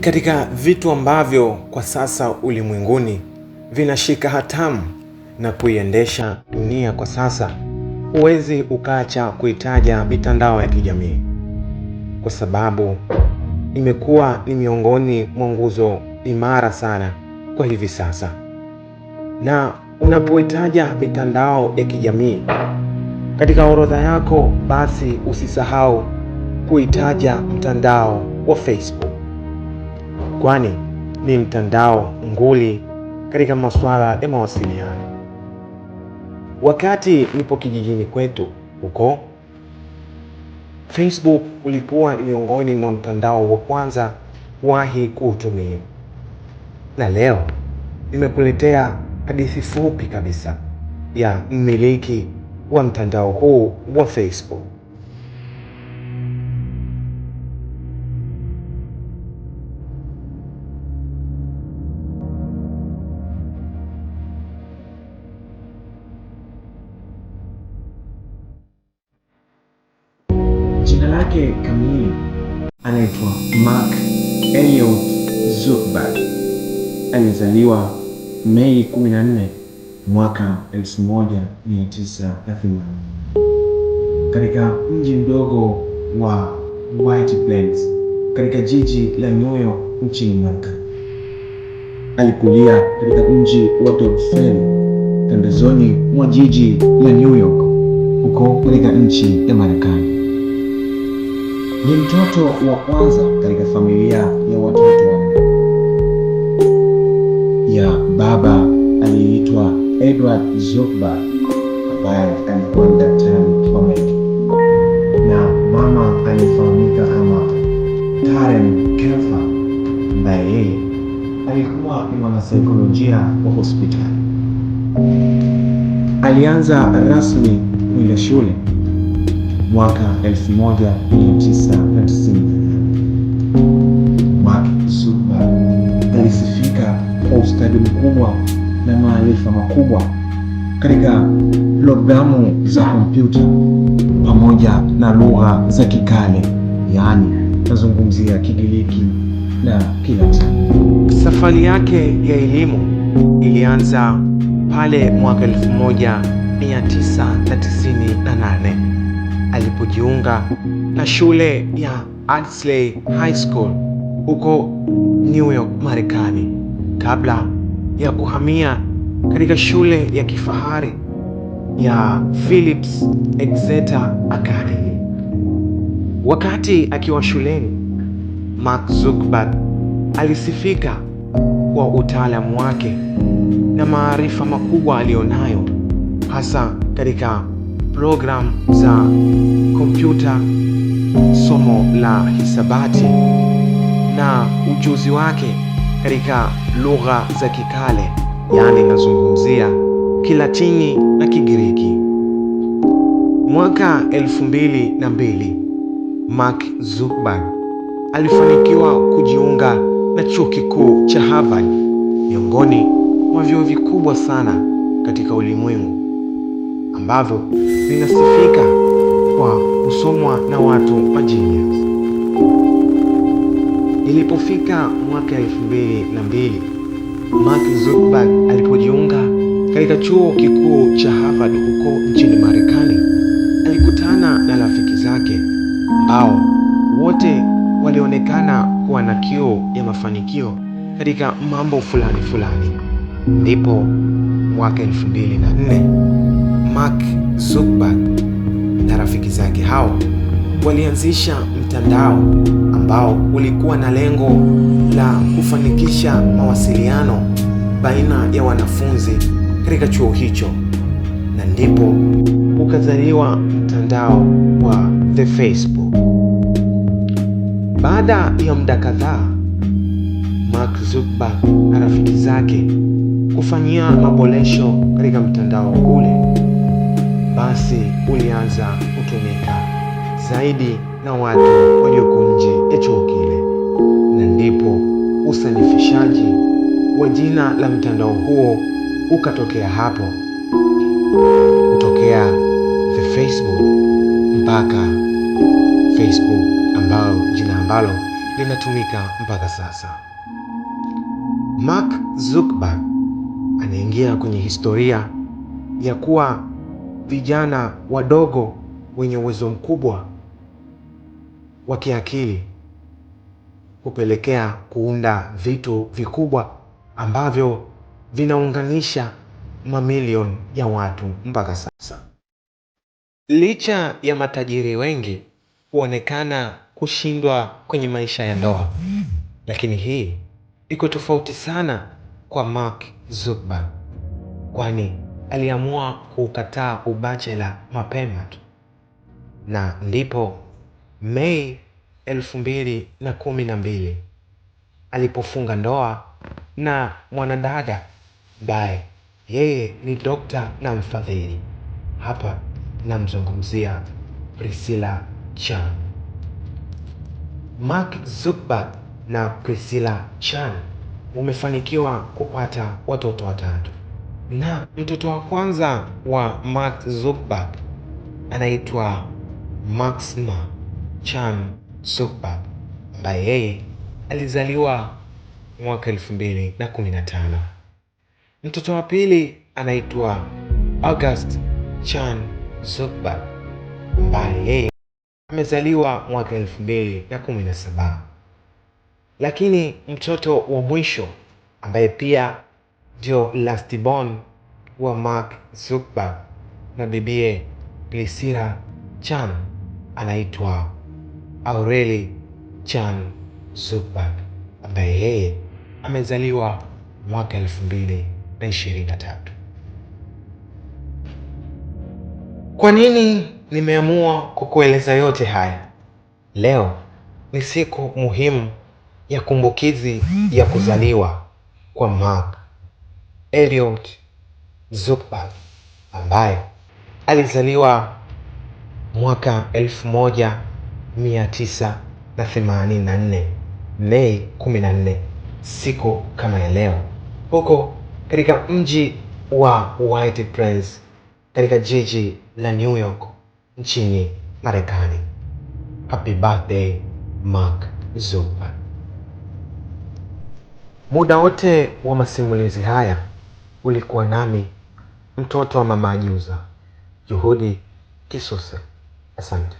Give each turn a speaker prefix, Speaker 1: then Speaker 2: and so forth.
Speaker 1: Katika vitu ambavyo kwa sasa ulimwenguni vinashika hatamu na kuiendesha dunia kwa sasa, huwezi ukaacha kuitaja mitandao ya kijamii, kwa sababu imekuwa ni miongoni mwa nguzo imara sana kwa hivi sasa. Na unapoitaja mitandao ya kijamii katika orodha yako, basi usisahau kuitaja mtandao wa Facebook kwani ni mtandao nguli katika masuala ya mawasiliano. Wakati nipo kijijini kwetu huko, Facebook ulikuwa miongoni mwa mtandao wa kwanza wahi kuutumia, na leo nimekuletea hadithi fupi kabisa ya mmiliki wa mtandao huu wa Facebook.
Speaker 2: yake kamili anaitwa Mark Elliot Zuckerberg. Alizaliwa Mei 14 mwaka 1980 katika mji mdogo wa White Plains katika jiji la New York nchini Marekani. Alikulia katika mji wa Dogville pembezoni mwa jiji la New York huko katika nchi ya Marekani. Ni mtoto wa kwanza katika familia ya watoto ya baba aliyeitwa Edward Zukba ambaye alikuwa ni daktari wa meno na mama alifahamika kama Karen Kefa ambaye yeye alikuwa ni mwanasaikolojia wa hospitali. Alianza rasmi kuenda shule mwaka 1990 Makisuba alisifika kwa ustadi mkubwa na maarifa makubwa katika programu za kompyuta pamoja na lugha za kikale, yaani nazungumzia Kigiriki na Kilatini. Safari yake ya elimu ilianza pale mwaka 1998 kujiunga na shule ya Ansley High School huko New York, Marekani kabla ya kuhamia katika shule ya kifahari ya Phillips Exeter Academy. Wakati akiwa shuleni, Mark Zuckerberg alisifika kwa utaalamu wake na maarifa makubwa aliyonayo hasa katika program za kompyuta, somo la hisabati na ujuzi wake katika lugha za kikale, yaani nazungumzia Kilatini na Kigiriki. Mwaka elfu mbili na mbili Mark Zuckerberg alifanikiwa kujiunga na chuo kikuu cha Harvard, miongoni mwa vyuo vikubwa sana katika ulimwengu ambavyo vinasifika kwa kusomwa na watu majini. Ilipofika mwaka elfu mbili na mbili Mark Zuckerberg alipojiunga katika chuo kikuu cha Harvard huko nchini Marekani, alikutana na rafiki zake ambao wote walionekana kuwa na kiu ya mafanikio katika mambo fulani fulani. Ndipo mwaka elfu mbili na nne Mark Zuckerberg na rafiki zake hao walianzisha mtandao ambao ulikuwa na lengo la kufanikisha mawasiliano baina ya wanafunzi katika chuo hicho, na ndipo ukazaliwa mtandao wa the Facebook. Baada ya muda kadhaa, Mark Zuckerberg na rafiki zake kufanyia maboresho katika mtandao ule basi ulianza kutumika zaidi na watu walioko nje ya chuo kile, na ndipo usanifishaji wa jina la mtandao huo ukatokea hapo, kutokea the Facebook mpaka Facebook ambayo jina ambalo linatumika mpaka sasa. Mark Zuckerberg anaingia kwenye historia ya kuwa vijana wadogo wenye uwezo mkubwa wa kiakili hupelekea kuunda vitu vikubwa ambavyo vinaunganisha mamilioni ya watu mpaka sasa.
Speaker 3: Licha ya matajiri wengi huonekana kushindwa kwenye maisha ya ndoa, lakini hii iko tofauti sana kwa Mark Zuckerberg, kwani aliamua kukataa ubachela mapema tu, na ndipo Mei elfu na kumi na mbili alipofunga ndoa na mwanadada mbaye yeye ni dokta na mfadhili. Hapa namzungumzia Priscilla Chan. Mark Zuckerberg na Priscilla Chan wamefanikiwa kupata watoto watatu na mtoto wa kwanza wa Mark Zuckerberg anaitwa Maxima Chan Zuckerberg ambaye yeye alizaliwa mwaka elfu mbili na kumi na tano. Mtoto wa pili anaitwa August Chan Zuckerberg ambaye yeye amezaliwa mwaka elfu mbili na kumi na saba, lakini mtoto wa mwisho ambaye pia ndio Lastibon wa Mark Zuckerberg na bibie Glisira Chan anaitwa Aureli Chan Zuckerberg ambaye yeye amezaliwa mwaka elfu mbili na ishirini na tatu. Kwa nini nimeamua kukueleza yote haya leo? Ni siku muhimu ya kumbukizi ya kuzaliwa kwa Mark Eliot Zuckerberg ambaye alizaliwa mwaka 1984 Mei 14, siku kama ya leo, huko katika mji wa White Plains katika jiji la New York nchini Marekani. Happy birthday Mark Zuckerberg. Muda wote wa masimulizi haya Ulikuwa nami mtoto wa mama Ajuza. Juhudi Kisuse, asante.